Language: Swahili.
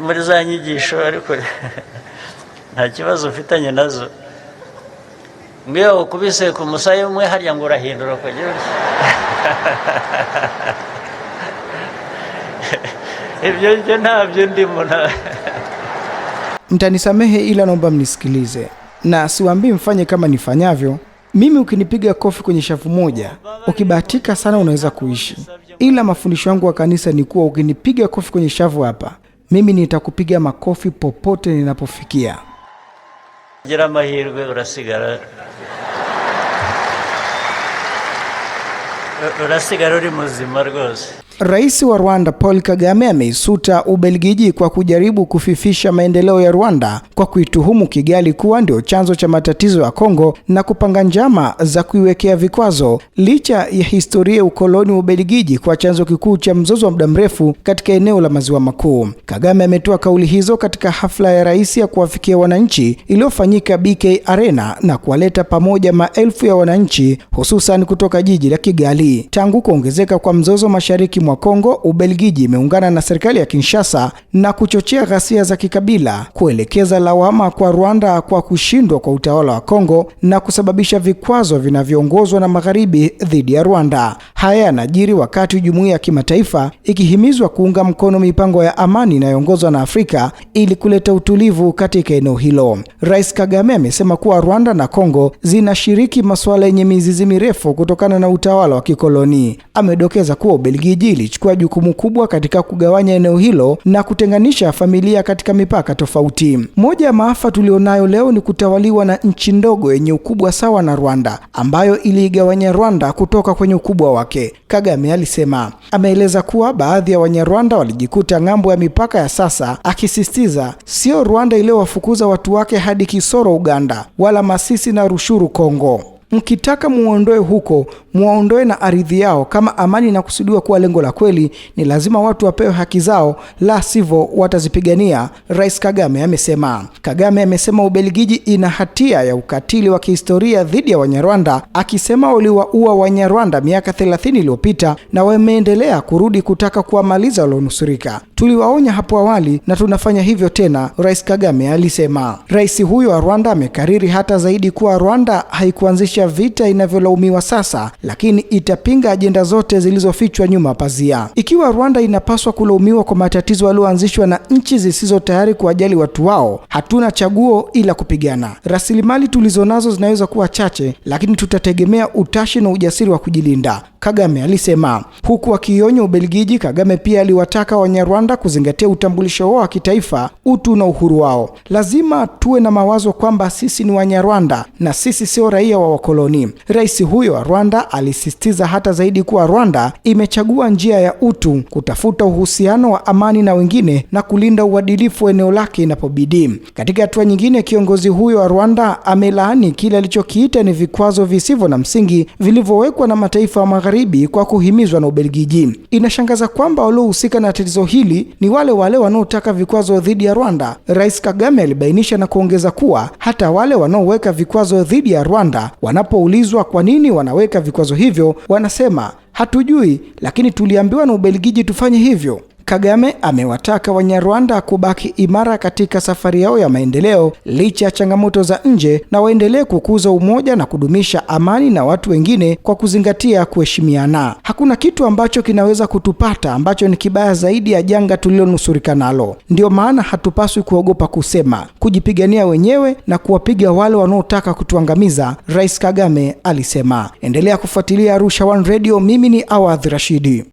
muri za nyigisho ariko nta kibazo ufitanye nazo mbiyo ukubise ku musaya umwe harya ngo urahindura kugira ibyo byo ntabyo ndimo mtanisamehe ila naomba mnisikilize na siwaambii mfanye kama nifanyavyo mimi. Ukinipiga kofi kwenye shavu moja, ukibahatika sana unaweza kuishi, ila mafundisho yangu wa kanisa ni kuwa ukinipiga kofi kwenye shavu hapa mimi nitakupiga makofi popote ninapofikia. Jira mahirwe urasigara urasigara uri muzima rwose Rais wa Rwanda Paul Kagame ameisuta Ubelgiji kwa kujaribu kufifisha maendeleo ya Rwanda kwa kuituhumu Kigali kuwa ndio chanzo cha matatizo ya Kongo na kupanga njama za kuiwekea vikwazo, licha ya historia ya ukoloni wa Ubelgiji kwa chanzo kikuu cha mzozo wa muda mrefu katika eneo la Maziwa Makuu. Kagame ametoa kauli hizo katika hafla ya rais ya kuwafikia wananchi iliyofanyika BK Arena na kuwaleta pamoja maelfu ya wananchi hususan kutoka jiji la Kigali tangu kuongezeka kwa mzozo mashariki mwa mwa Kongo, Ubelgiji imeungana na serikali ya Kinshasa na kuchochea ghasia za kikabila, kuelekeza lawama kwa Rwanda kwa kushindwa kwa utawala wa Kongo na kusababisha vikwazo vinavyoongozwa na magharibi dhidi ya Rwanda. Haya yanajiri wakati jumuiya ya kimataifa ikihimizwa kuunga mkono mipango ya amani inayoongozwa na Afrika ili kuleta utulivu katika eneo hilo. Rais Kagame amesema kuwa Rwanda na Kongo zinashiriki masuala yenye mizizi mirefu kutokana na utawala wa kikoloni. Amedokeza kuwa Ubelgiji ilichukua jukumu kubwa katika kugawanya eneo hilo na kutenganisha familia katika mipaka tofauti. Moja ya maafa tulionayo leo ni kutawaliwa na nchi ndogo yenye ukubwa sawa na Rwanda ambayo iliigawanya Rwanda kutoka kwenye ukubwa wake, Kagame alisema. Ameeleza kuwa baadhi ya Wanyarwanda walijikuta ng'ambo ya mipaka ya sasa, akisisitiza sio Rwanda iliyowafukuza watu wake hadi Kisoro Uganda, wala Masisi na Rushuru Kongo. Mkitaka muondoe huko, muondoe na ardhi yao. Kama amani inakusudiwa kuwa lengo la kweli, ni lazima watu wapewe haki zao, la sivyo watazipigania, Rais Kagame amesema. Kagame amesema Ubelgiji ina hatia ya ukatili wa kihistoria dhidi ya Wanyarwanda, akisema waliwaua Wanyarwanda miaka 30 iliyopita na wameendelea kurudi kutaka kuwamaliza walionusurika. Tuliwaonya hapo awali na tunafanya hivyo tena, Rais Kagame alisema. Rais huyo wa Rwanda amekariri hata zaidi kuwa Rwanda haikuanzisha kusitisha vita inavyolaumiwa sasa, lakini itapinga ajenda zote zilizofichwa nyuma pazia. Ikiwa Rwanda inapaswa kulaumiwa kwa matatizo yaliyoanzishwa na nchi zisizo tayari kuwajali watu wao, hatuna chaguo ila kupigana. Rasilimali tulizonazo zinaweza kuwa chache, lakini tutategemea utashi na ujasiri wa kujilinda. Kagame alisema. Huku akionya Ubelgiji, Kagame pia aliwataka Wanyarwanda kuzingatia utambulisho wao wa kitaifa, utu na uhuru wao. Lazima tuwe na mawazo kwamba sisi ni Wanyarwanda na sisi sio raia wa wakoloni. Rais huyo wa Rwanda alisisitiza hata zaidi kuwa Rwanda imechagua njia ya utu, kutafuta uhusiano wa amani na wengine na kulinda uadilifu eneo lake inapobidi. Katika hatua nyingine, kiongozi huyo wa Rwanda amelaani kile alichokiita ni vikwazo visivyo na msingi vilivyowekwa na mataifa ya magharibi kwa kuhimizwa na Ubelgiji. Inashangaza kwamba waliohusika na tatizo hili ni wale wale wanaotaka vikwazo dhidi ya Rwanda. Rais Kagame alibainisha na kuongeza kuwa hata wale wanaoweka vikwazo dhidi ya Rwanda wanapoulizwa kwa nini wanaweka vikwazo hivyo, wanasema hatujui, lakini tuliambiwa na Ubelgiji tufanye hivyo. Kagame amewataka Wanyarwanda kubaki imara katika safari yao ya maendeleo licha ya changamoto za nje, na waendelee kukuza umoja na kudumisha amani na watu wengine kwa kuzingatia kuheshimiana. Hakuna kitu ambacho kinaweza kutupata ambacho ni kibaya zaidi ya janga tulilonusurika nalo. Ndiyo maana hatupaswi kuogopa kusema, kujipigania wenyewe na kuwapiga wale wanaotaka kutuangamiza, Rais Kagame alisema. Endelea kufuatilia Arusha One Radio. Mimi ni Awadh Rashidi.